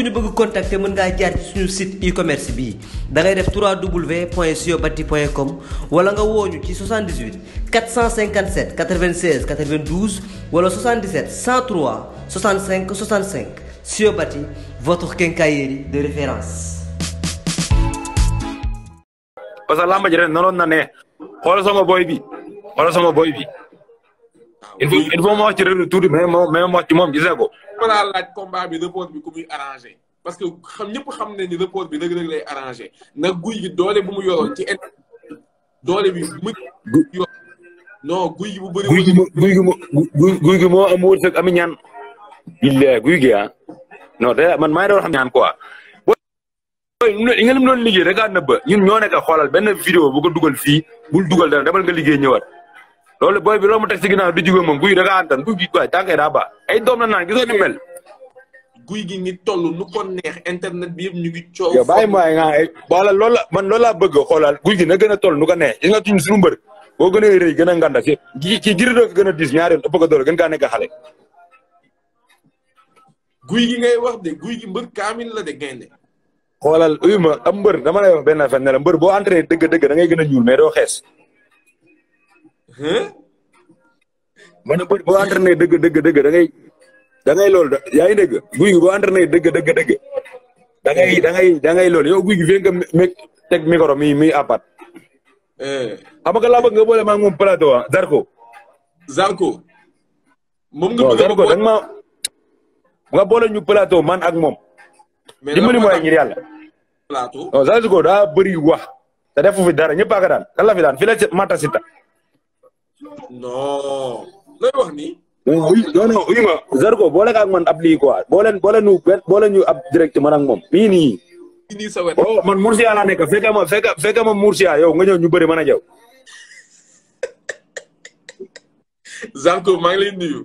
ku ñu bëgg contacter mën ngaa jaar ci suñu site e-commerce bii da ngay def www.siobati.com wala nga wooñu ci 78 457 96 92 wala 77 103 65 65 Siobati votre quincaillerie de référence. parce que làmb ji ren nanoon na ne xoolal sama boy bi xoolal sama boy bi. il faut il faut ma wax ci Reug tuuti mais moom mais ma wax ci moom gisee ko. laa laaj bi report bi ku arrangé parce que xam ñëpp xam ne ni report bi Reug Reug lay arrangé nag guy gi doole bu mu yoroon ci doole bi mu yor non guy bu bëri. guy gi moo guy gi moo guy gi moo am wërsëg ami ñaan. billaay guy gi ah non man maa ngi doon xam ñaan quoi. boy li nga lim doon liggéey da ngaa nëbba ñun ñoo nekk xoolal benn vidéo bu ko dugal fii bu dugal dara demal nga liggéey ñëwaat. loolu booy bi loolu mu teg ci ginnaaw di jugee moom guy da ngaa antan guy gi quoi tànkee daa baax ay doom la naan gisoo ni mel. guy gi ngi toll nu ko neex internet bi yëpp ñu ngi coow. yow baa ma nga wala loolu man loolu laa bëgg xoolal guy gi na gën a toll nu ko neex gis nga tuñ suñu mbër boo gën a rëy gën a nganda fi ci ci giri gën a diis ñaari yoon ëpp ko doole gën kaa xale. guy gi ngay wax de guy gi mbër kaamil la de gaynde. xoolal uyu am mbër dama lay wax benn affaire ne la mbër boo entraîné gën a ñuul mais doo xees ma ne bër boo entraîné dëgg dëgg dëgg da ngay da ngay loolu yaa ngi dégg guy gi boo entraîné dëgg dëgg dëgg da ngay da ngay da loolu yow guy gi fii nga me teg micro mi mi apat eh. xam nga laa nga boole maa ngi moom plateau ah Zarko. Zarko. moom nga bëgg a Zarko da nga ma nga boole ñu plateau man ak moom. mais dimbali mooy ngir yàlla. plateau non Zarko daa bëri wax. te defu fi dara ñëpp a ka daan kan la fi Mata Sita. non. lay wax nii. non non Zarko boole ak man ab lii quoi boole boole ñu boole ñu ab direct man ak moom mii nii. nii sa oh, man Murcia la nekk fekk ma fekk fekk ma Murcia yow nga ñëw ñu bëri man a jaw. Zarko maa ngi lay nuyu.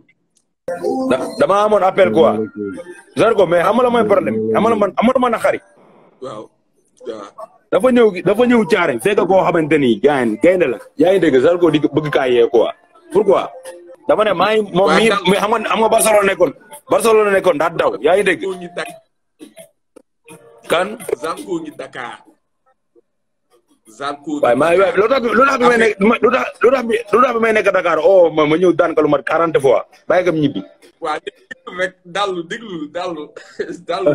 dama amoon appel quoi. Zarko mais amala mooy problème amala man amala ma na xari. dafa ñëw dafa ñëw caare fekk koo xamante ni gaynde gaynde la yaa ngi dégg Zarko di bëgg kaa yee quoi pourquoi dafa ne maa ngi moom mii mais xam nga xam nga Barcelona nekkoon Barcelona daw yaa ngi dégg kan Zarko ngi Dakar Zarko waaye maa waaye lu tax may nekk lu tax lu tax lu Dakar oh ma ma ñëw daan ka lu mat fois bàyyi kam ñibbi waaw déglu rek dallu déglu dallu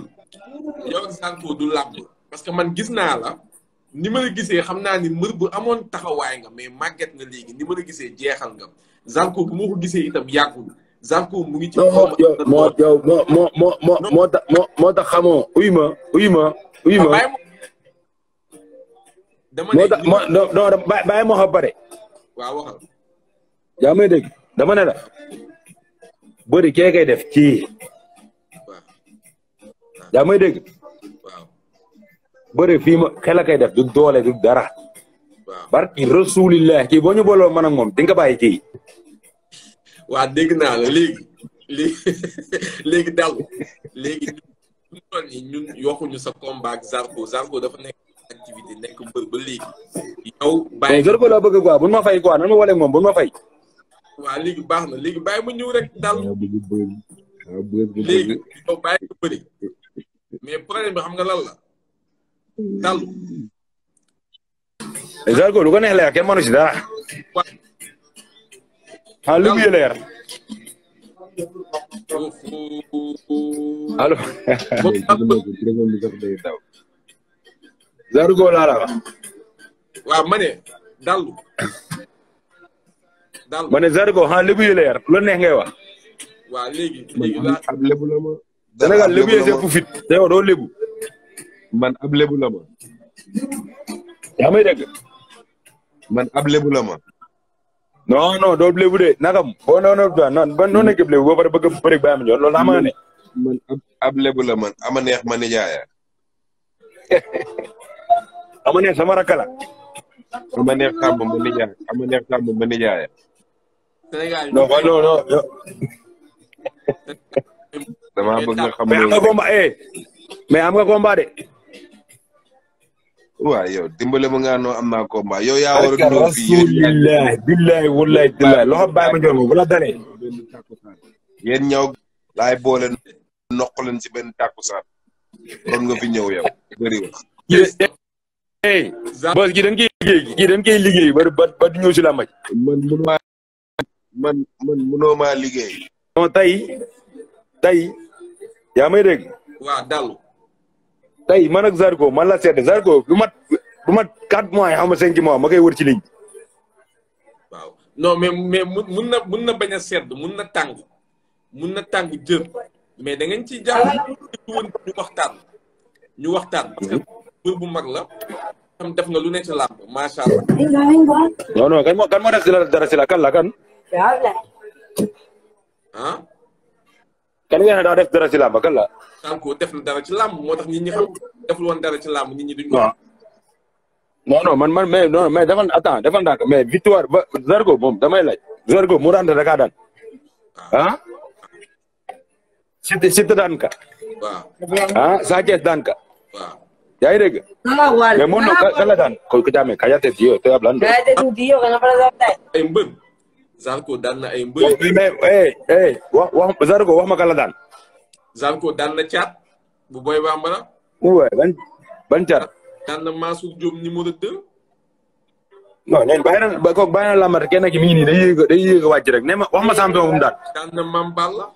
yow ak du làmb parce que man gis naa la ni ma la gisee xam naa ni mbër bu amoon taxawaay nga mais màgget nga léegi ni ma gisee jeexal nga Zarko bu ma ko gisee itam yàggul Zarko mu ngi ci. moo moo yow moo moo moo moo moo moo moo xamoo uy ma uy ah, moo tax non non bàyyi ma xam pare. waaw la. bëri kee def ci yaa may dégg. waaw fii ma xel a def du doole du dara. waaw barki rasulillah kii boo ñu booloo man ak moom di bàyyi kii. waa dëgg naa la léegi léegi léegi daal léegi ñun yokkuñu sa combat ak Zarko Zarko dafa nekk activité nekk mbër ba léegi. yow bàyyi Zarko laa bëgg quoi bu ma fay quoi nan ma waleeg moom bu ma fay. waa léegi baax na léegi bàyyi mu ñëw rek daal léegi yow bàyyi ko bëri. mais problème bi xam nga lan la. Dallu. Zarko lu ko neex leer kenn mënu si dara. ah lu la wax. waaw ma ne Dallu. Dallu ma ne Zarko ah lu muy leer lu neex ngay wax. waaw léegi léegi Sénégal lébu yee sëpp fit te yow doo lébu man ab lébu la ma yaa man ab lébu la ma non non doo lébu de nakam boo oh, noonu ba noonu nekk lébu boo pare bëgg bëri joon loolu xam man ab lébu la man ama neex ma nijaaya ama neex sama rakk la neex sàmm ma nijaaya ama neex ma nijaaya non damaa bëgg xam mais am nga combat de. waaw yow dimbale ma nga noo am naa combat yow yaa war a ñëw fii rasulilah billahi loxo bàyyi ma jox ma bu la dalee. yéen boole noq si benn takkusaan kon nga fi ñëw yow bëri wax. hey boss gi dañ koy liggéey gi dañ koy liggéey man mënoo liggéey. tey tey yaa may dégg. waaw Dallou. tey man ak Zarko man la seet Zarko du mat du mat quatre mois yi xam nga cinq mois ma koy wër ci ligne. no mais mais mun na bañ a sedd mun na tàng mun na tàng jër mais da ngeen ci jàll ñu waxtaan ñu waxtaan parce que bu mag la def nga lu ne ci làmb macha allah. non non kan moo kan moo def si la dara si kan la kan. ah. kan nga ne daa def dara ci làmb a la. Sonko def na dara làmb moo tax nit ñi xam deful woon dara ci làmb nit ñi duñ. waaw non non man man mais non mais defal attends defal ndànk mais victoire ba Zargo moom damay laaj. Zargo mu rànd da kaa daan ah. ah. Siteu Siteu daan ka. waaw ah Sa daan ka. waaw yaa ngi dégg. ah wàll mais moom nag kan la diyo te ablan. kajaate diyo ay mbën. Zarko daan na ay mbër. mais eh wax wax Zarko wax ma kan la daan. Zarko daan na caat bu Boy Bambara. waaw ban ban caat. daan na Mansour Diop numéro na bàyyi na ba kooku bàyyi na làmbar kenn ki mi ngi nii day yéeg day yéeg wàcc rek nee ma wax ma champion bu mu daan. daan na Mame Balla.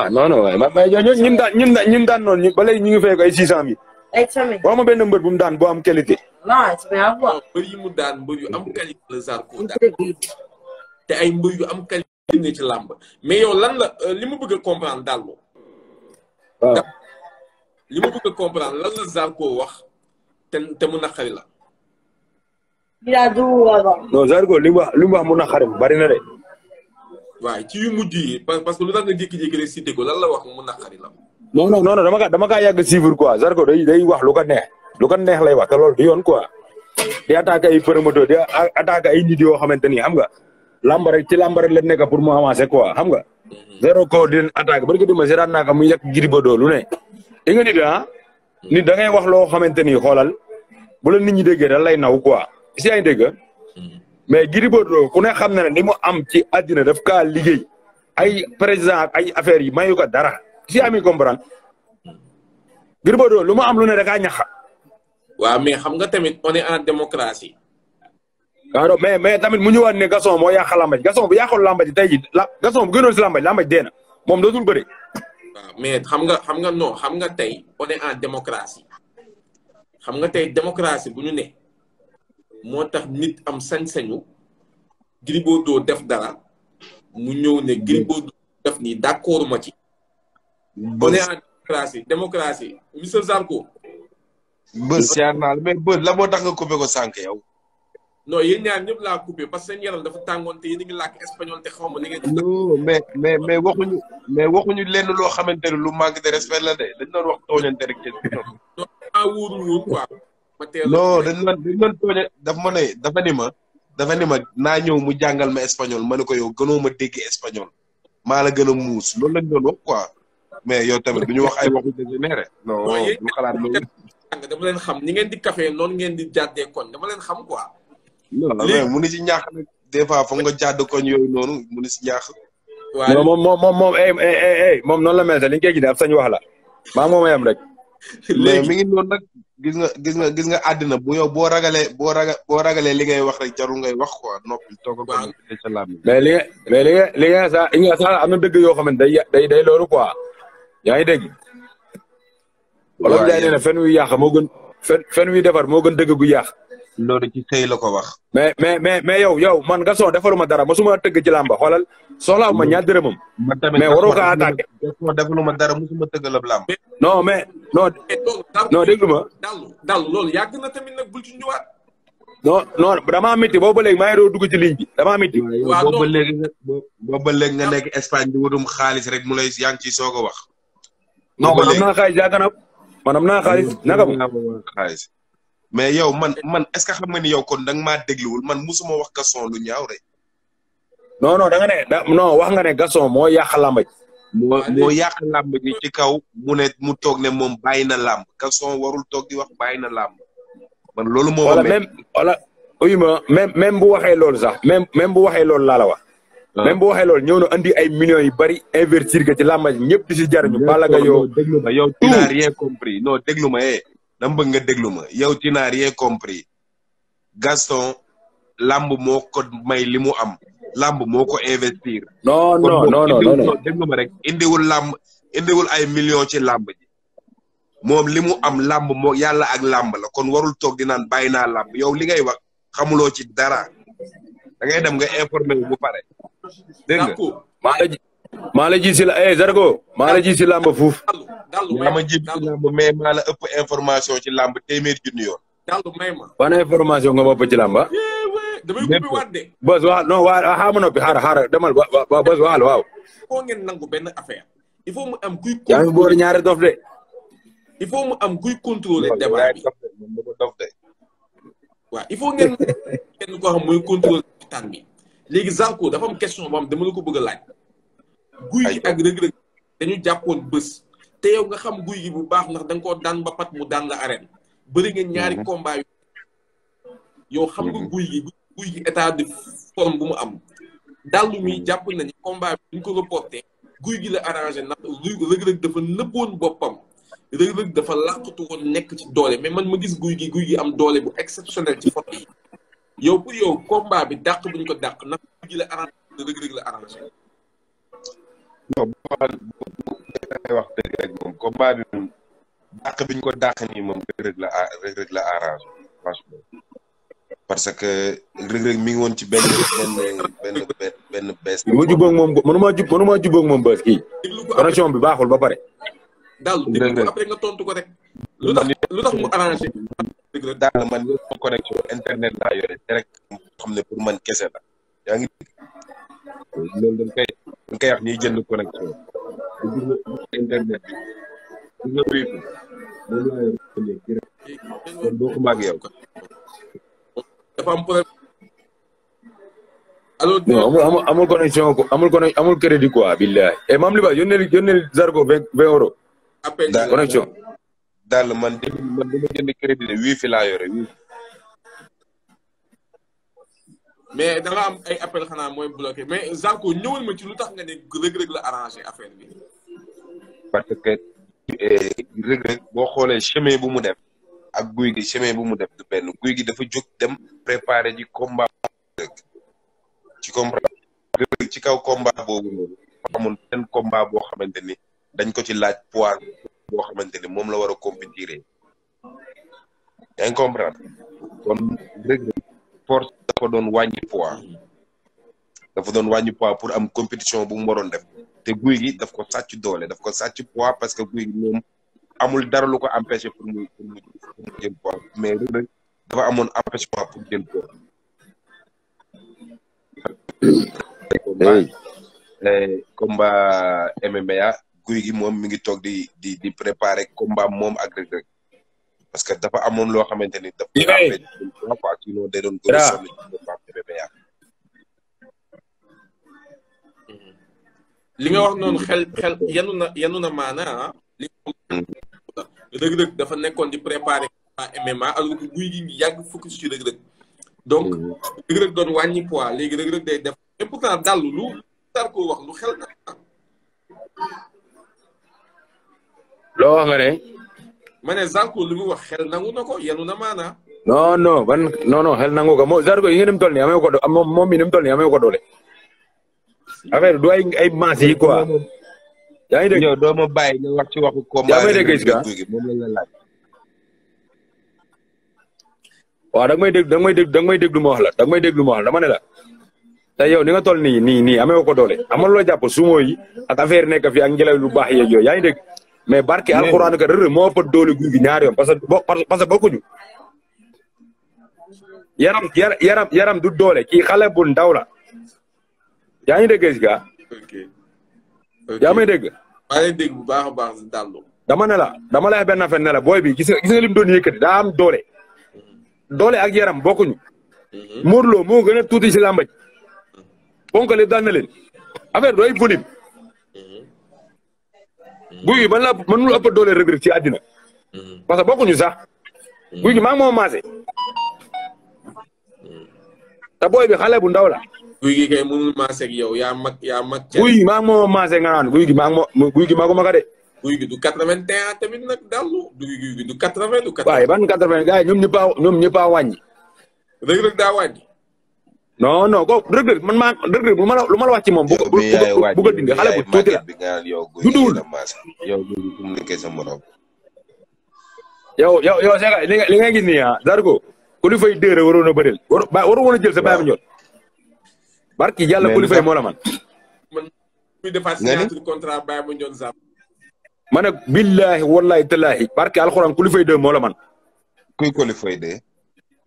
ah non non waaye man man ñun daan ñun bu mu daan boo am qualité. lance mbër yi mu daan mbër yu am qualité la Zarko daan te ay mbër yu am qualité ne làmb mais yow lan la euh, li ma bëgg a comprendre daal moom. waaw li ma bëgg a comprendre lan la Zarko wax te te mu naqari la. yaa du non Zarko li mu wax li mu wax mu na de. la wax mu naqari la. non non non dama kaa dama kaa yàgg Zarko day wax lu ko neex. lu ko neex lay wax te lool du yoon quoi di attaqué ay promoteur di attaqué ay nit yoo xamante ni xam nga làmb rek ci làmb rek la nekk pour mu avancer quoi xam nga. zéro ko di leen attaqué ba nga déglu ma seetaan naa ko mu yegg Gris lu ne. di nga nit ni ah? nit da wax loo xamante ni xoolal bu la nit ñi déggee da lay naw quoi si ay dégg mais Gris Bordeaux ku ne xam na ne li mu am ci àddina daf kaa liggéey ay président ak ay affaires yi mayu ko dara si ami comprendre Gris lu mu am lu ne da kaa waaw mais xam nga tamit on est en démocratie. waaw ah, mais mais tamit mu ñëwaat ne Gaston moo yàq lamba ji bu yàqoon lamba ji tey jii la Gaston bu gënoon si lamba ji lamba moom dootul bëri. waaw mais xam nga xam nga non xam nga tey one est en démocratie xam nga tey démocratie bu ñu ne moo tax nit am sañ-sañu Gris Bordeaux def dara mu ñëw ne Gris Bordeaux def nii d'accord ma ci. on est en démocratie démocratie monsieur Zarko bës siyaar naa la mais bës la moo tax nga coupé ko sànq yow. non yéen ñaar ñëpp laa coupé parce que seen yaram dafa tàngoon te yéen a ngi làkk espagnol te ma ni mais mais mais waxuñu mais waxuñu lenn loo xamante ne lu manque de respect la de dañ doon wax tooñante rek ci non ah wóorul woon quoi. ma teel dafa ma dafa ni ma naa ñëw mu jàngal ma espagnol ma ne ko yow gënoo ma dégg espagnol maa la gën a muus loolu lañ doon wax quoi mais yow tamit du ñu wax ay waxu dégénéré non xalaat loolu. tàng dama leen xam ni ngeen di café noonu ngeen di jàddee koñ dama leen xam quoi. non mais munu si ñàkk nag des fois foog nga jàdd koñ yooyu noonu munu si ñàkk. waaw moom moom moom moom eh, eh, eh, moom noonu la mel te liñ koy gis am sañ wax la maa moom yam rek. léegi mi ngi noonu nag gis nga gis nga gis nga àddina bu yow boo ragalee boo raga boo ragalee li ngay wax rek jarul ngay wax quoi noppi toog ko ca laam mais li nga mais li nga li nga sax am na dëgg yoo xamante day day day loolu quoi yaa ngi dégg. waaw olof Ndiaye fen wu yàq moo gën fen fen wi defar moo gën dëgg gu yàq. loolu ci xëy la ko wax. mais mais mais mais yow yow man Gaston defaruma dara mosuma tëgg ci làmba xoolal soxlaawuma ñaar dërëmam. man tamit mais waroo ko attaqué. Gaston defaluma dara mosuma tëgg la làmba. non mais non. non déglu ma. dalu dalu loolu yàgg na tamit nag bul ci ñëwaat. non non damaa métti boobu ba léegi maa ngi doon dugg ci ligne bi damaa métti. waaw ba léegi nga boobu ba léegi nga nekk Espagne di wutum xaalis rek mu lay yaa ngi ciy soog a wax. non man am man am naa xaalis naka moom xaalis mais yow man man est ce que xam nga ni yow kon da nga maa dégluwul man musuma wax Gaston lu ñaaw rek. non non da nga ne da wax nga ne Gaston moo yàq làmb ji. moo moo yàq làmb ci kaw mu ne mu toog ne moom bàyyi na làmb Gaston warul toog di wax bàyyi na làmb man loolu moo. wala même wala uyuma bu waxee loolu sax même même bu waxee loolu laa wax. Ah. même boo waxee loolu ñëw na andi ay millions yu bari invertir ko ci làmba ji ñëpp di si jariñu. Balla Gaye yow déglu ma ah, yow tu rien compris non déglu ma eh. dama bëgg nga déglu ma yow tu n'as rien compris Gaston làmb moo ko may li mu am làmb moo ko investir. non non non non non déglu ma rek indiwul làmb indiwul ay millions ci làmb ji. moom li mu am làmb moo yàlla ak làmb la kon warul toog di naan bàyyi naa làmb yow li ngay wax xamuloo ci dara. da ngay dem nga informé bu pare. maa la ji maa ji si la eh Zarko la ji si làmb fuuf. maa ma ji si làmb mais maa la ëpp information ci làmb téeméer junni yoon. ban information nga bopp ci bos ah? eh, waxal non waa xaamu noppi xaaral xaaral demal ba bos waxal waaw. foo ngeen nangu benn affaire. il faut mu am kuy. yaa ngi boori ñaari dof de. il faut mu am kuy contrôler débat il faut ngeen kenn koo xam waxtaan bi léegi Zarko dafa am question boo xam dama la ko bëgg a laaj. guy gi ak rëg-rëg dañu jàppoon bés. te yow nga xam guy gi bu baax ndax da nga koo daan ba pat mu daan la arène. bëri ngeen ñaari mhm. combat yow xam nga mhm. guy gi guy gi état de forme bu mu am. dàllu mi mhm. jàpp nañu combat bi ñu ko reporté. guy gi la arrangé ndax rëg-rëg dafa nëbboon boppam. rëg-rëg dafa làqatu woon nekk ci doole mais man ma gis guy gi guy gi am doole bu exceptionnel ci forme yi. yow pour yow combat bi dàq bu ñu ko dàq naka ji la arrangé Reug wax dëgg bi moom dàq ko dàq nii moom Reug Reug la parce que Reug mi ngi woon ci benn benn benn benn benn bees. ma jubboog moom mënumaa jub mënumaa jubboog moom bës kii. bi baaxul ba pare. dal après nga tontu ko rek. lu tax lu tax mu arrangé dëgg la daal man connexion internet laa yore direct xam ne pour man kese la yaa ngi loolu dañ koy dañ koy wax ñuy jënd connexion internet bi nga wéy ko moom laa yore kon doo ko màgg yow dafa am problème alors amul amul amul connexion amul amul crédit quoi billahi et eh, Mame Liba yónneel yónneel Zarko vingt vingt euros connexion dàll man de man li ma jënd crédit de wifi laa yore wifi mais da am ay appel xanaa mooy bloqué mais Zarko ñëwal ma ci lu tax ne rëg la arrangé affaire bi parce que boo xoolee chemin bu mu def ak guy gi chemin bu mu def du benn guy gi dafa jóg dem préparé ji combat rëg ci comprendre rëg ci kaw combat boobu noonu amul benn boo xamante ni dañ ko ci laaj poids boo xamante ne moom la war a compétir comprendre force dafa doon wàññi poids dafa doon wàññi poids pour am compétition bu mu waroon def te guy gi daf ko sàcc doole daf ko sàcc poids parce que guy moom amul dara lu ko empêché pour mu jël poids mais Reug Reug dafa amoon empêchement pour jël poids. comba euh, MMA guy gi moom mi ngi toog di di di préparer mbaam moom ak Reug Reug parce que dafa amoon loo xamante ni. dafa quoi sinon day li nga wax noonu xel xel yanu na yanu na maanaa ah. dafa nekkoon di préparer MMA alors guy gi yàgg focus ci Reug Reug donc mm. Reug Reug doon wàññi poids léegi Reug Reug day def mais pourtant dalu lu tar ko wax lu xel ah. loo wax nga ne. ¿eh? ma ne Zarko li mu wax xel nangu na ko yenu na maanaa. non non ban non non xel nangu ko moom Zarko yi ngeen toll nii amee ko do moom mii ni mu toll nii amee ko doole. affaire du ay ay maas yi quoi. yaa ngi dégg yow doo ma bàyyi ñu wax ci waxu. yaa may dégg Isca moom lañ la laaj. waaw da nga may dégg da nga may dégg da nga may dégg lu ma wax la da nga may dégg lu ma wax la dama ne la. te yow ni nga toll nii nii nii amee ko doole amal loo jàpp sumo yi ak affaire nekk fi ak ngelaw lu baax yeeg yooyu yaa ngi dégg. mais barke alxuraan ka rër moo ëpp doole guy gi ñaari yoon parce que bo parce que bokkuñu yaram yaram yaram du doole kii xale bu ndaw la yaa ngi dégg si gaa. dégg. maa dégg bu baax a baax si Dallou. dama ne la dama lay wax benn affaire la booy bi gis nga gis nga lim doon yëkkati daa am doole. doole ak yaram bokkuñu. Mhm. Modou Lo moo gën a tuuti si làmba ji. ponk leen affaire doy volume. guy gi man la mënul ëpp doole Reug Reug ci àddina. Mm-hmm. parce que bokkuñu sax. Mm-hmm. guy gi maa ngi moo maase. Mm-hmm. te booy bi xale bu ndaw la. guy gi kay mënul maase yow yaa mag yaa mag. guy gi maa ngi moo maase nga naan guy gi maa moo guy gi maa ko mag a de. guy gi du 81 tamit nag dallu du guy gi du 80 du. 80 waaye ban 80 gars yi ñoom ñëpp a ñoom ñëpp a wàññi. Reug Reug daa wàññi. non non kooku Reug Reug man maa Reug Reug lu ma moom. bu ko bu ko bu ko dindi xale bu tuuti la. judduwul Sega li nga li nga gis nii ah Zarko ku li fay dëre waroon a bëreel a jël sa barki yàlla ku li fay moo la man. man muy contrat bàyyi ma ñoon Zarko. ma ne barki alxuraan ku li fay man.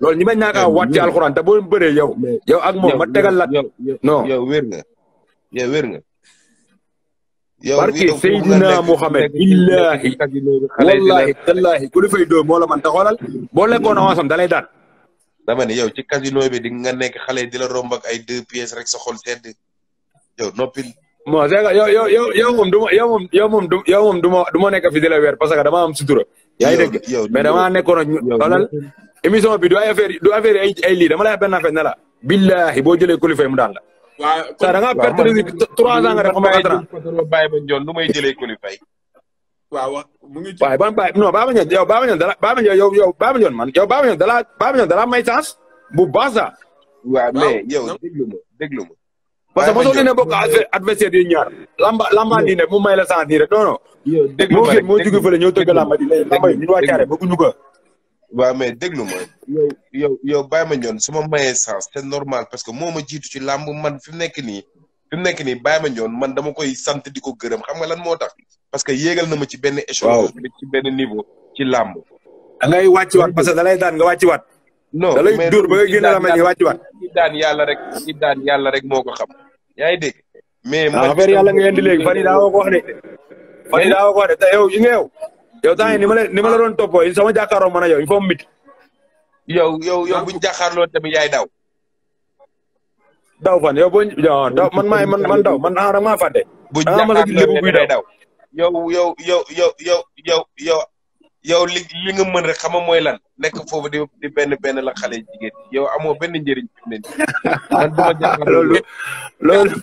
loolu ñi bañ naa kaa waat ci alxuraan te boo bëree yow. yow ak moom ma tegal la non yow wér nga yow wér nga. yow barke Seydina Mohamed billahi wallahi tallahi ku dafay dóor moo la man te xoolal boo lekkoon avance am da lay dama ne yow ci casino bi di nga nekk xale di la ay deux pièces rek sa xol tedd yow noppil. bon c'est que yow yow yow yow moom du ma yow du ma du ma nekk fi di la weer parce que damaa am sutura. yaa ngi dégg mais damaa nekkoon émission bi du ay affaire du affaire ay ay lii dama lay benn affaire ne la. billahi mu daan la. waaw saa ans nga def ba quatre ans. bàyyi ba njoon nu may jëlee kilifa yi. waaw mu ngi ci. waaye ban bàyyi non Baba Ndione yow Baba Ndione dala Baba Ndione yow yow Baba man yow Baba Ndione dala Baba Ndione dala may chance bu baax sax. waaw mais yow déglu ma déglu ma. parce que mosoo leen a bokk adversaire yi ñaar. lamba lamba di ne mu may la chance nii rek non non. yow déglu ma rek moo jóge fële ñëw tëgg lamba ñu ko waaw mais déglu ma yow yow yow bàyyi ma ñoon suma ma mayee sens normal parce que moo ma jiitu ci làmb man fi mu nekk nii fi nekk nii bàyyi ma ñoon man dama koy sant di ko gërëm xam nga lan moo tax parce que yéegal na ma ci benn échelon ci benn niveau ci làmb da ngay wàcci waat parce que da lay daan nga wàcci waat non da lay dóor ba nga génn la wàcci waat daan yàlla rek daan yàlla rek moo ko xam yaa ngi dégg mais ah, affaire yàlla nga indi léegi fan yi daa woo de fan yi daa woo de te yow yow yow temps ni ma la ni ma la doon toppoo il sama jàkkaarloo a yow il faut mu mit. yow yow yow buñ jàkkaarloo tamit yaay daw. daw fan yow boo daw man maay man man daw man ah da nga maa fàtte. buñ ah, jàkkaarloo yaay daw yow yow yow yow yow yow yow. yow li li nga mën rek xam nga mooy lan nekk foofu di di benn la xale jigéen yow amoo benn njëriñ fi mu ne nii. loolu loolu.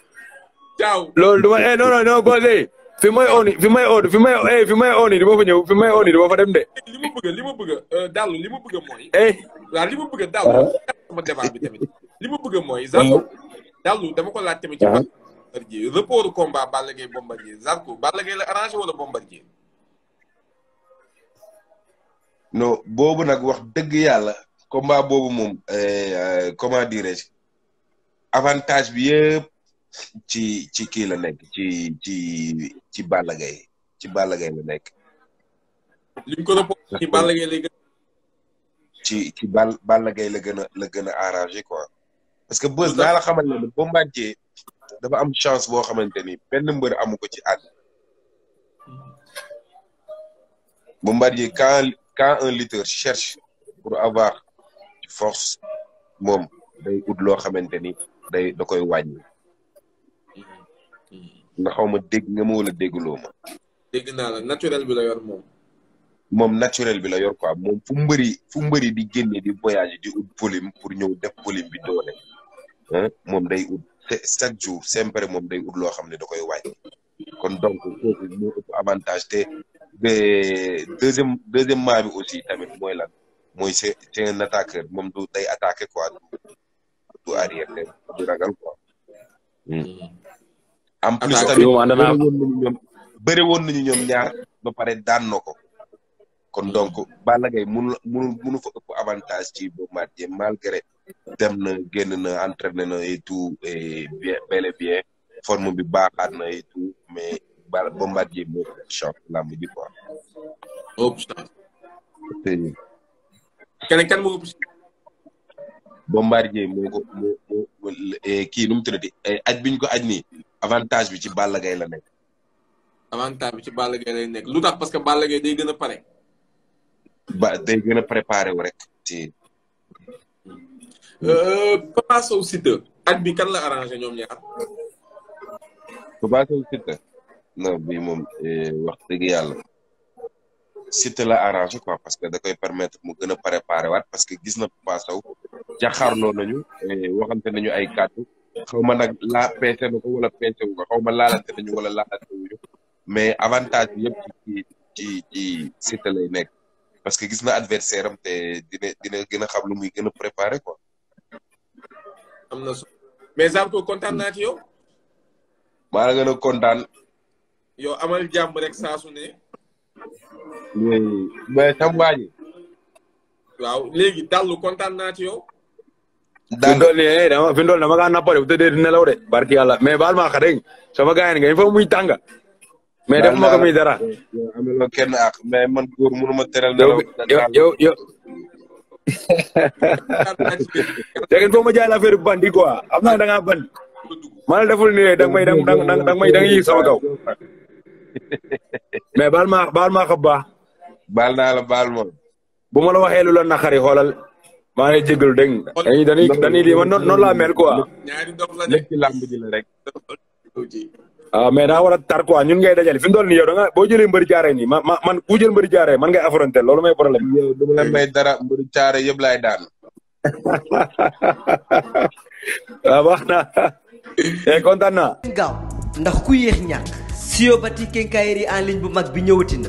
jaaw loolu du ma eh non fi may ooni fi may ooni fi may eh fi may ooni di ma fa ñëw fi may ooni di ma fa dem de. Eh, li ma bëgg li ma bëgg euh, daal li ma bëgg mooy. Eh. waaw li ma bëgg daal ah. sama débat bi tamit li ma bëgg mooy. Zarko ah. daal dama ko laaj tamit. ci ah. Bombardier report combat Balla Gaye nag wax dëgg yàlla combat boobu moom eh, euh, comment dirais-je avantage bi ci ci kii la nekk ci ci ci Balla Gaye ci Balla Gaye la nekk. liñ ko reporté ci ci ci Bal Balla Gaye la gën a la gën a arrangé quoi. parce que bës naa la xamal ne Bombardier dafa am chance boo xamante ni benn mbër amu ko ci àdd. Bombardier quand quand un liteur cherche pour avoir force moom day ut loo xamante ni day da koy wàññi. nga xaw ma dégg nga moo wala dégguloo ma. dégg naa la naturel bi la yor moom. moom naturel bi la yor quoi moom fu mbëri fu mbëri di génne di voyage di ut volume pour ñëw def volume bi doole ah moom day ut chaque jour sempre moom day ut loo xam ne da koy wàññi kon donc kooku moo ëpp avantage te deuxième deuxièmement bi aussi tamit mooy lan mooy c'est c'est un attaqueur moom du day attaqué quoi du arrière du ragal quoi. Hmm. Hmm. en plus tamit bëri woon nañu ñoom ñaar ba pare daan na ko kon donc Balla Gaye mënul mënul mënu fa ëpp avantage ci Boy Mathieu dem na génn na entraîné na et tout bien bel et bi baaxaat na et tout mais Balla Bombardier moo choc lamb ji quoi. ëpp chance. keneen kan moo Bombardier moo ko moo eh, kii nu mu tuddati eh, aj bi ñu ko aj nii avantage bi ci Balla Gaye la nekk. avantage bi ci Balla Gaye lay nekk lu tax parce que Balla Gaye day gën a pare. ba day gën a préparé wu rek ci. Euh, euh, Papa Sow Siteu aj bi kan la arrangé ñoom ñaar. Papa Sow Siteu non bii moom eh, waxtu dëgg yàlla. Siteu la arrangé quoi parce que da koy permettre mu gën a préparer waat parce que gis na Papa Sow jaxaarloo nañu eh, waxante nañu ay kàddu xaw ma nag laa peese na ko wala peese wu ko xaw ma laalante nañu wala laalante wuñu mais avantage bi yëpp ci ci ci parce que gis na adversaire am te dina gën a xam lu muy gën a préparer quoi. am mais Zarko kontaan naa ci yow. maa amal jàmm rek saa ne. mais sam waa ji. waaw léegi dallu kontaan naa ci yow. daan doon ne dama fi doon di nelaw de barki yàlla mais baal maa xadeñ sama gars yi nga il muy tàng. mais def ma ko muy dara. ameloo kenn ak mais man góor mënuma ma jaay l'affaire bu bandi quoi am naa da ngaa ban ma la deful nii danga may danga may danga yii sama kaw mais baal maa baal maa baal naa la baal moom. bu ma la waxee lu la naqari xoolal. maa ngi jégalu dégg nga. dañuy dañuy dañuy lii man noonu laa mel quoi. ñaari rek. waaw ah, mais daa war a tar quoi ñun ngay dajale fi mu toll nii yow da nga boo jëlee mbëri jaaree nii ma ma man ku jël mbëri jaaree man ngay affronter loolu may problème. yow du ma la may dara mbëri jaaree yëpp laay daan. waaw ah, wax na eh kontaan naa. gaaw ndax ku yéex ñàkk. Siobati Kenkayeri en ligne bu mag bi ñëwati na.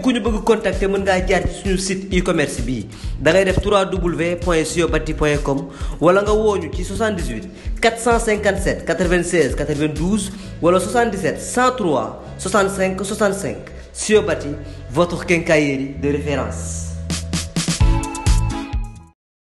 képp ku ñu bëgg contacter mën ngaa jaar ci suñu site e-commerce bii da ngay def www.siobati.com wala nga woo ñu ci 78 457 96 92 wala 77 103 65 65 Siobati votre quincaillerie de référence.